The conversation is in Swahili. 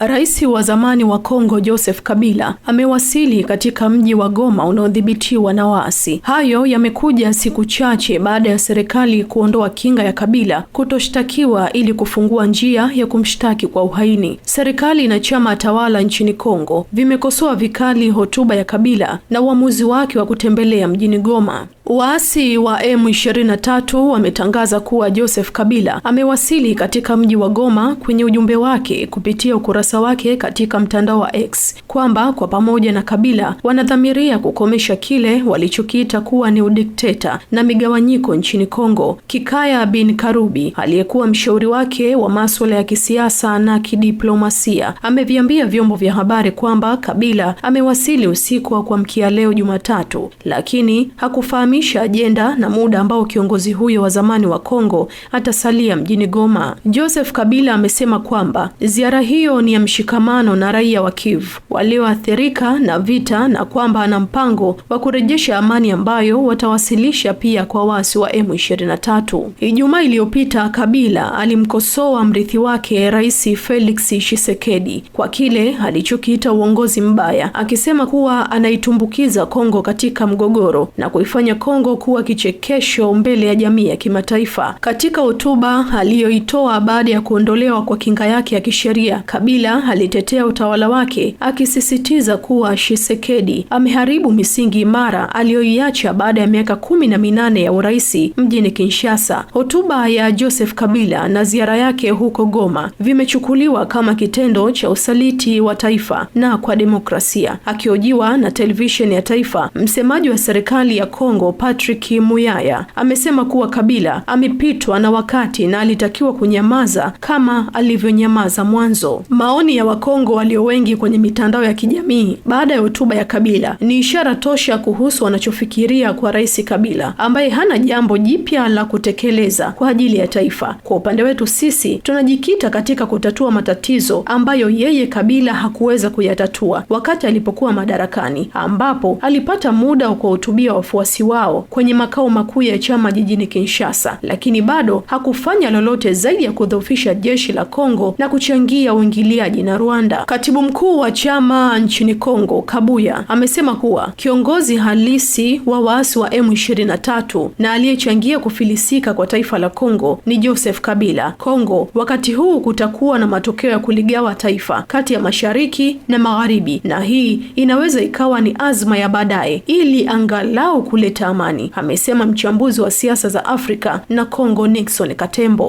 Rais wa zamani wa Kongo Joseph Kabila amewasili katika mji wa Goma unaodhibitiwa na waasi. Hayo yamekuja siku chache baada ya serikali kuondoa kinga ya Kabila kutoshtakiwa ili kufungua njia ya kumshtaki kwa uhaini. Serikali na chama tawala nchini Kongo vimekosoa vikali hotuba ya Kabila na uamuzi wake wa kutembelea mjini Goma. Waasi wa M23 wametangaza kuwa Joseph Kabila amewasili katika mji wa Goma kwenye ujumbe wake kupitia ukurasa wake katika mtandao wa X kwamba kwa pamoja na Kabila wanadhamiria kukomesha kile walichokiita kuwa ni udikteta na migawanyiko nchini Kongo. Kikaya bin Karubi aliyekuwa mshauri wake wa masuala ya kisiasa na kidiplomasia ameviambia vyombo vya habari kwamba Kabila amewasili usiku wa kuamkia leo Jumatatu, lakini hakufahamu kuhamisha ajenda na muda ambao kiongozi huyo wa zamani wa Kongo atasalia mjini Goma. Joseph Kabila amesema kwamba ziara hiyo ni ya mshikamano na raia wa Kivu walioathirika na vita na kwamba ana mpango wa kurejesha amani ambayo watawasilisha pia kwa waasi wa M23. Ijumaa iliyopita, Kabila alimkosoa mrithi wake Rais Felix Tshisekedi kwa kile alichokiita uongozi mbaya, akisema kuwa anaitumbukiza Kongo katika mgogoro na kuifanya Kongo kuwa kichekesho mbele ya jamii ya kimataifa. Katika hotuba aliyoitoa baada ya kuondolewa kwa kinga yake ya kisheria, Kabila alitetea utawala wake akisisitiza kuwa Shisekedi ameharibu misingi imara aliyoiacha baada ya miaka kumi na minane ya uraisi mjini Kinshasa. Hotuba ya Joseph Kabila na ziara yake huko Goma vimechukuliwa kama kitendo cha usaliti wa taifa na kwa demokrasia. Akiojiwa na televisheni ya taifa, msemaji wa serikali ya Kongo Patrick Muyaya amesema kuwa Kabila amepitwa na wakati na alitakiwa kunyamaza kama alivyonyamaza mwanzo. Maoni ya Wakongo walio wengi kwenye mitandao ya kijamii baada ya hotuba ya Kabila ni ishara tosha kuhusu wanachofikiria kwa Rais Kabila ambaye hana jambo jipya la kutekeleza kwa ajili ya taifa. Kwa upande wetu sisi tunajikita katika kutatua matatizo ambayo yeye Kabila hakuweza kuyatatua wakati alipokuwa madarakani, ambapo alipata muda wa kuwahutubia wafuasi wao hao kwenye makao makuu ya chama jijini Kinshasa, lakini bado hakufanya lolote zaidi ya kudhoofisha jeshi la Kongo na kuchangia uingiliaji na Rwanda. Katibu mkuu wa chama nchini Kongo, Kabuya, amesema kuwa kiongozi halisi wa waasi wa M23 na aliyechangia kufilisika kwa taifa la Kongo ni Joseph Kabila. Kongo wakati huu kutakuwa na matokeo ya kuligawa taifa kati ya mashariki na magharibi, na hii inaweza ikawa ni azma ya baadaye ili angalau kuleta amani, amesema mchambuzi wa siasa za Afrika na Kongo Nixon Katembo.